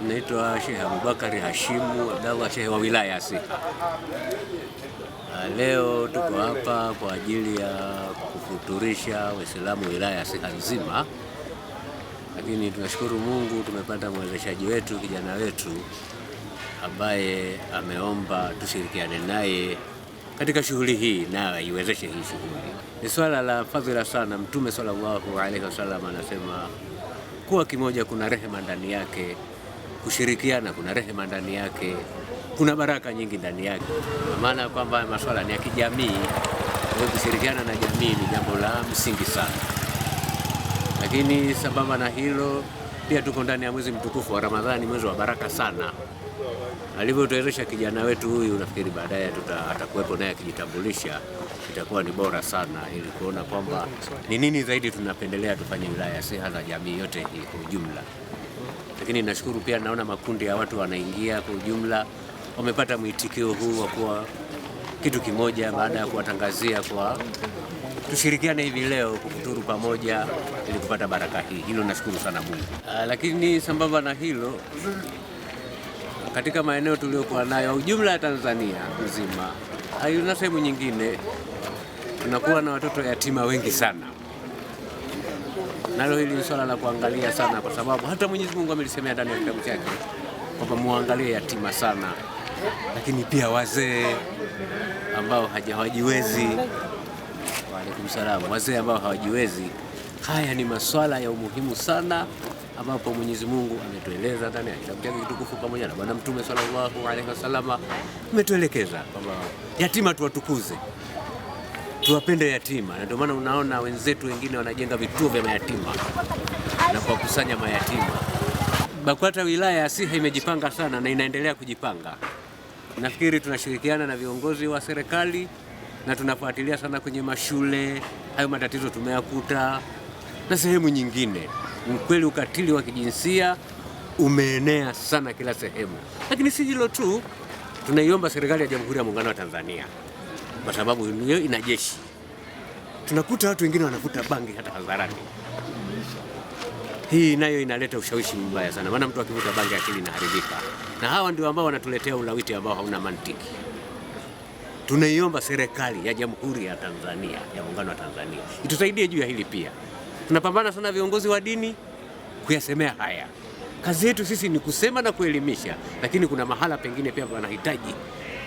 Naitwa Sheikh Abubakari Hashimu Abdallah, shehe wa wilaya ya Siha. Ah, leo tuko hapa kwa ajili ya kufuturisha Waislamu wilaya ya Siha nzima, lakini tunashukuru Mungu tumepata mwezeshaji wetu kijana wetu ambaye ameomba tushirikiane naye katika shughuli hii na iwezeshe hii shughuli. Ni swala la fadhila sana. Mtume sallallahu alaihi wasallam anasema kuwa kimoja kuna rehema ndani yake kushirikiana, kuna rehema ndani yake, kuna baraka nyingi ndani yake, maana kwamba masuala ni ya kijamii. Kushirikiana na jamii ni jambo la msingi sana, lakini sambamba na hilo pia tuko ndani ya mwezi mtukufu wa Ramadhani, mwezi wa baraka sana alivyotuwezesha kijana wetu huyu. Nafikiri baadaye atakuwepo naye akijitambulisha, itakuwa ni bora sana, ili kuona kwamba ni nini zaidi tunapendelea tufanye wilaya ya Siha na jamii yote hii kwa ujumla lakini nashukuru pia, naona makundi ya watu wanaingia kwa ujumla, wamepata mwitikio huu wa kuwa kitu kimoja, baada ya kuwatangazia kwa tushirikiane hivi leo kufuturu pamoja ili kupata baraka hii. Hilo nashukuru sana Mungu. Uh, lakini sambamba na hilo katika maeneo tuliyokuwa nayo ujumla ya Tanzania nzima, hayuna sehemu nyingine tunakuwa na watoto yatima wengi sana nalo hili ni swala la kuangalia sana, kwa sababu hata Mwenyezi Mungu amelisemea ndani ya kitabu chake kwamba muangalie yatima sana, lakini pia wazee ambao hawajiwezi. Waalaikum salaam. Wazee ambao hawajiwezi, haya ni maswala ya umuhimu sana ambapo Mwenyezi Mungu ametueleza ndani ya kitabu chake kitukufu pamoja na Bwana Mtume sallallahu alaihi wasallam ametuelekeza kwamba yatima tuwatukuze tuwapende yatima, na ndio maana unaona wenzetu wengine wanajenga vituo vya mayatima na kuwakusanya mayatima. BAKWATA wilaya ya Siha imejipanga sana na inaendelea kujipanga. Nafikiri tunashirikiana na viongozi wa serikali na tunafuatilia sana kwenye mashule hayo matatizo tumeyakuta na sehemu nyingine. Mkweli ukatili wa kijinsia umeenea sana kila sehemu, lakini si hilo tu. Tunaiomba serikali ya Jamhuri ya Muungano wa Tanzania kwa sababu hiyo ina jeshi. Tunakuta watu wengine wanavuta bangi hata hadharani. Hii nayo inaleta ushawishi mbaya sana, maana mtu akivuta bangi akili inaharibika, na hawa ndio ambao wanatuletea ulawiti ambao hauna mantiki. Tunaiomba serikali ya Jamhuri ya Tanzania ya Muungano wa Tanzania itusaidie juu ya hili pia. Tunapambana sana viongozi wa dini kuyasemea haya. Kazi yetu sisi ni kusema na kuelimisha, lakini kuna mahala pengine pia wanahitaji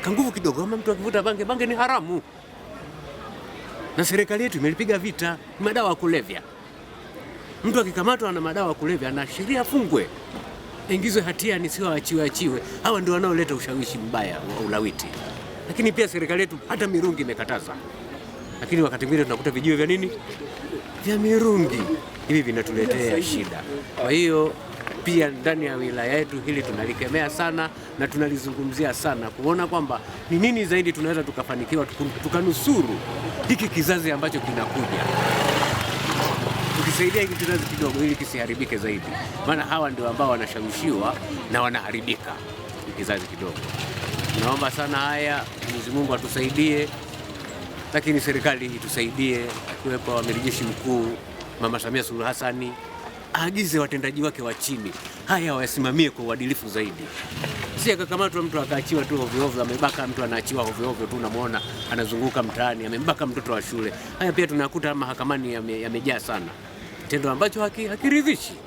kanguvu kidogo, ama mtu akivuta bange, bange ni haramu, na serikali yetu imelipiga vita madawa ya kulevya. Mtu akikamatwa na madawa ya kulevya na sheria fungwe ingizwe hatiani, sio achiwe achiwe. Hawa ndio wanaoleta ushawishi mbaya wa ulawiti. Lakini pia serikali yetu hata mirungi imekataza, lakini wakati mwingine tunakuta vijiwe vya nini, vya mirungi. Hivi vinatuletea shida, kwa hiyo pia ndani ya wilaya yetu. Hili tunalikemea sana na tunalizungumzia sana, kuona kwamba ni nini zaidi tunaweza tukafanikiwa tukanusuru hiki kizazi ambacho kinakuja, tukisaidia hiki kizazi kidogo ili kisiharibike zaidi, maana hawa ndio ambao wanashawishiwa na wanaharibika kizazi kidogo. Tunaomba sana haya, Mwenyezi Mungu atusaidie, lakini serikali itusaidie, akiwepo amiri jeshi mkuu Mama Samia Suluhu Hassani aagize watendaji wake wa chini haya wayasimamie kwa uadilifu zaidi. Si akakamatwa mtu akaachiwa tu ovyo ovyo, amebaka mtu anaachiwa ovyo ovyo tu, unamwona anazunguka mtaani, amebaka mtoto wa shule. Haya pia tunakuta mahakamani yamejaa me, ya sana, tendo ambacho hakiridhishi haki